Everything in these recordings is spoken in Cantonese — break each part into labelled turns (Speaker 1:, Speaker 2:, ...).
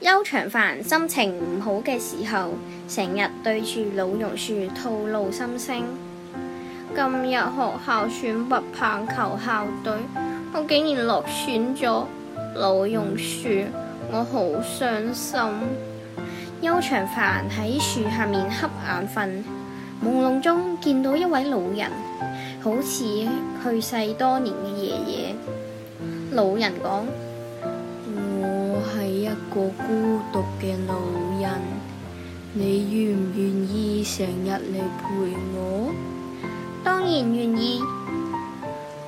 Speaker 1: 邱長凡心情唔好嘅時候，成日對住老榕樹吐露心聲。今日學校選拔棒球校隊，我竟然落選咗。老榕樹，我好傷心。邱長凡喺樹下面瞌眼瞓，朦朧中見到一位老人，好似去世多年嘅爺爺。老人講。一個孤獨嘅老人，你願唔願意成日嚟陪我？當然願意。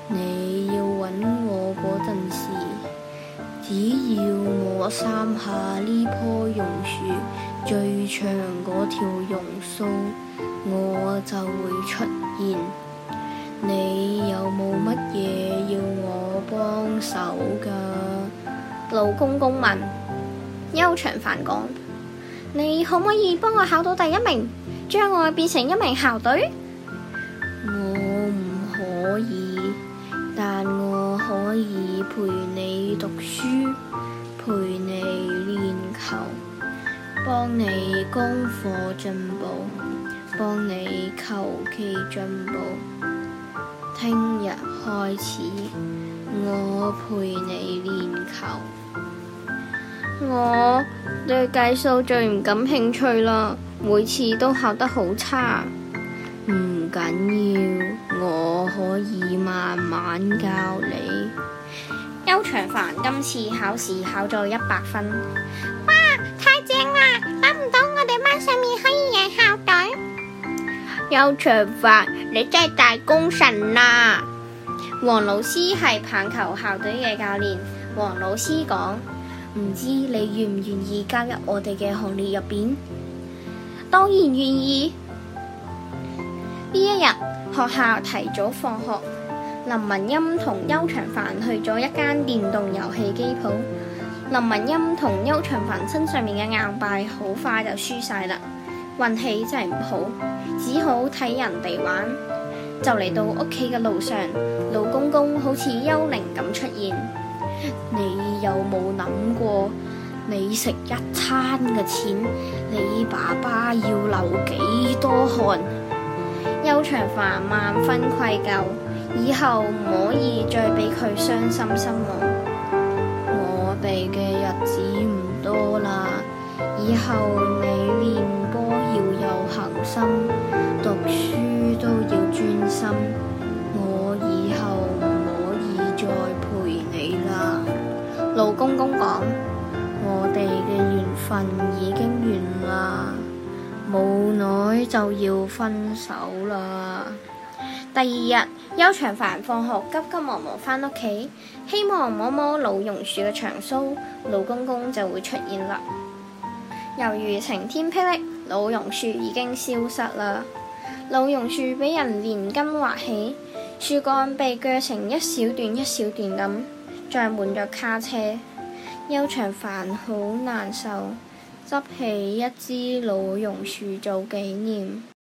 Speaker 1: 你要揾我嗰陣時，只要我三下呢棵榕樹最長嗰條榕須，我就會出現。你有冇乜嘢要我幫手㗎？老公公問。榕樹公公，你可唔可以幫我考到第一名，將我變成一名校隊？我唔可以，但我可以陪你讀書，陪你練球，幫你功課進步，幫你球技進步。聽日開始，我陪你練球。我對計數最唔感興趣啦，每次都考得好差。唔緊要，我可以慢慢教你。邱長凡今次考試考咗一百分，哇，太正啦！諗唔到我哋班上面可以贏校隊。邱長凡，你真係大功臣啦！黃老師係棒球校隊嘅教練。黃老師講。唔知你願唔願意加入我哋嘅行列入邊？當然願意。呢一日學校提早放學，林文音同邱長凡去咗一間電動遊戲機鋪。林文音同邱長凡身上面嘅硬幣好快就輸晒啦，運氣真係唔好，只好睇人哋玩。就嚟到屋企嘅路上，老公公好似幽靈咁出現。你有冇諗過，你食一餐嘅錢，你爸爸要流幾多汗？邱長凡萬分愧疚，以後唔可以再俾佢傷心失望。我哋嘅日子唔多啦，以後你練。老公公講：我哋嘅緣分已經完啦，冇耐就要分手啦。第二日，邱長凡放學急急忙忙翻屋企，希望摸摸老榕樹嘅長須，老公公就會出現啦。猶如晴天霹靂，老榕樹已經消失啦。老榕樹俾人連根挖起，樹幹被鋸成一小段一小段咁。載滿咗卡車，悠長飯好難受，執起一支老榕樹做紀念。